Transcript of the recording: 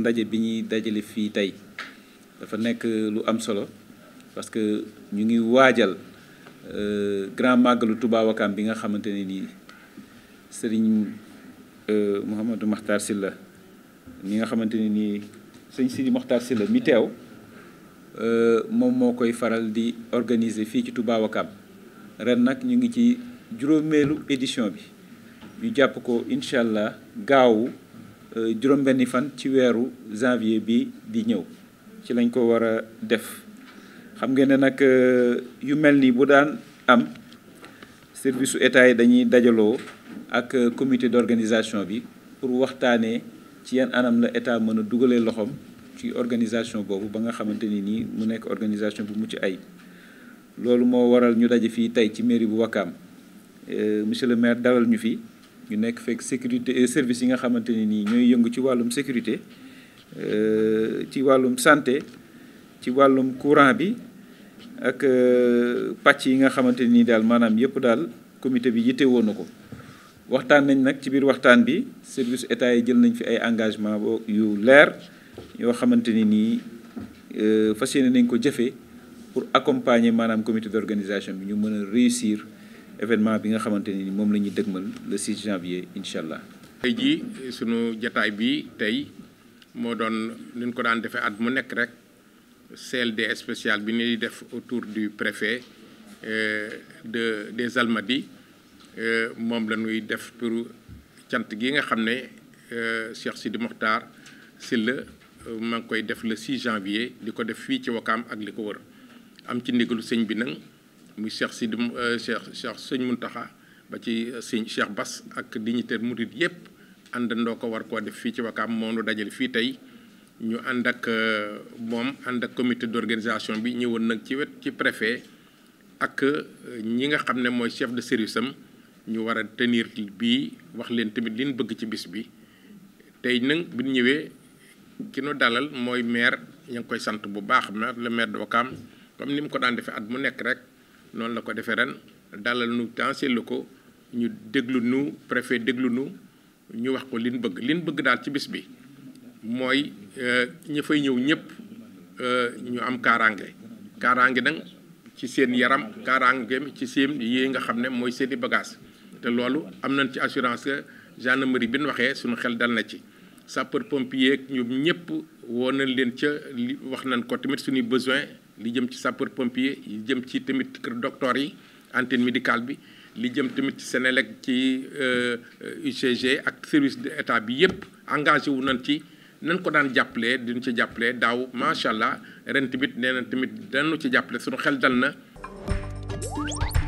ndaje bi ñuy dajale fii tey dafa nekk lu am solo parce que ñu ngi waajal euh, grand màggalu Touba Wakam bi nga xamante ni nii sëriñ euh, Mouhamadou Makhtar Sylla mi nga xamante ni nii sëñ Sidi Makhtar Sylla mi teew euh, moom moo koy faral di organiser fii ci Touba ren nag ñu ngi ci juróomeelu édition bi ñu jàpp ko incha allah gaawu euh, juróom-benni fan ci weeru janvier bi di ñëw ci lañ ko war a def xam nga ne nag euh, yu mel nii bu daan am service su état yi dañuy dajaloo ak euh, comité d'organisation bi pour waxtaanee ci yan anam la état mën a dugalee loxoom ci organisation boobu ba nga xamante ni nii mu nekk organisation bu mucc ayib loolu moo waral ñu daje fii tey ci mairie bu wakkaam Euh, monsieur le maire dawal ñu fi ñu nekk fekk sécurité et yi nga xamante ne nii ñooy yëngu ci wàllum sécurité euh, ci wàllum santé ci wàllum courant bi ak euh, pàcc yi nga xamante nii daal maanaam yëpp daal comité bi yitte woon na ko waxtaan nañ nag ci biir waxtaan bi service état yi jël nañ fi ay engagement bo yu leer yoo xamante ne nii fas yéene nañ ko jëfe pour accompagner maanaam comité d'organisation bi ñu mën a réussir événement bi nga xamante ni moom la ñuy dëgmal le 6 janvier incha allah. tey jii suñu jataay bi tey moo doon li ko daan defee at mu nekk rek CLD spécial bi ñuy def autour du préfet euh, de des Almadies euh, moom la ñuy def pour cant gi nga xam ne euh, Cheikh Sidi Mokhtar Sylla maa ngi koy def le 6 janvier di ko def fii ci Wakaam ak li ko wër am ci ndigalu sëñ bi nag. muy Cheikh Sidi euh, Cheikh Cheikh sëñ taxa ba ci euh, sëñ Cheikh Bass ak dignité murid yépp àndandoo ko war koo def fii ci Wakaam moo nu dajale fii tey ñu ànd ak euh, moom ànd ak comité d'organisation bi ñëwoon nag ci wet ci préfé ak ñi nga xam ne mooy chef de service am ñu war a tenir bii wax leen tamit liñ bëgg ci bis bi tey nag bi ñu ñëwee ki nu dalal mooy maire ña ngi koy sant bu baax maire le maire de Wakaam comme ni mu ko daan defee at mu nekk rek noonu la ko defee ren dalal nu dans ses locaux ñu déglu nu préfet déglu nu ñu wax ko liñ bëgg liñ bëgg daal ci bis bi mooy euh, ñi fay ñëw ñëpp euh, ñu am kaaraange kaaraange nag ci seen yaram kaaraange ci seen yi nga xam ne mooy seen i bagage te loolu am nañ ci assurance que gendarmerie bi waxee sunu xel dal na ci sapeur pompier ñu ñëpp woo na leen ca wax nañ ko tamit suñuy besoin li jëm ci sapeur pompier li jëm ci tamit kër docteur yi antenne médical bi li jëm tamit ci Sénélec ci UCG euh, ak service de état bi yépp engagé wu nañ ci nañ ko daan jàppalee duñ ci jàppale daaw macha allah ren tamit nee na tamit dañu ci jàppale suñu xel dal na.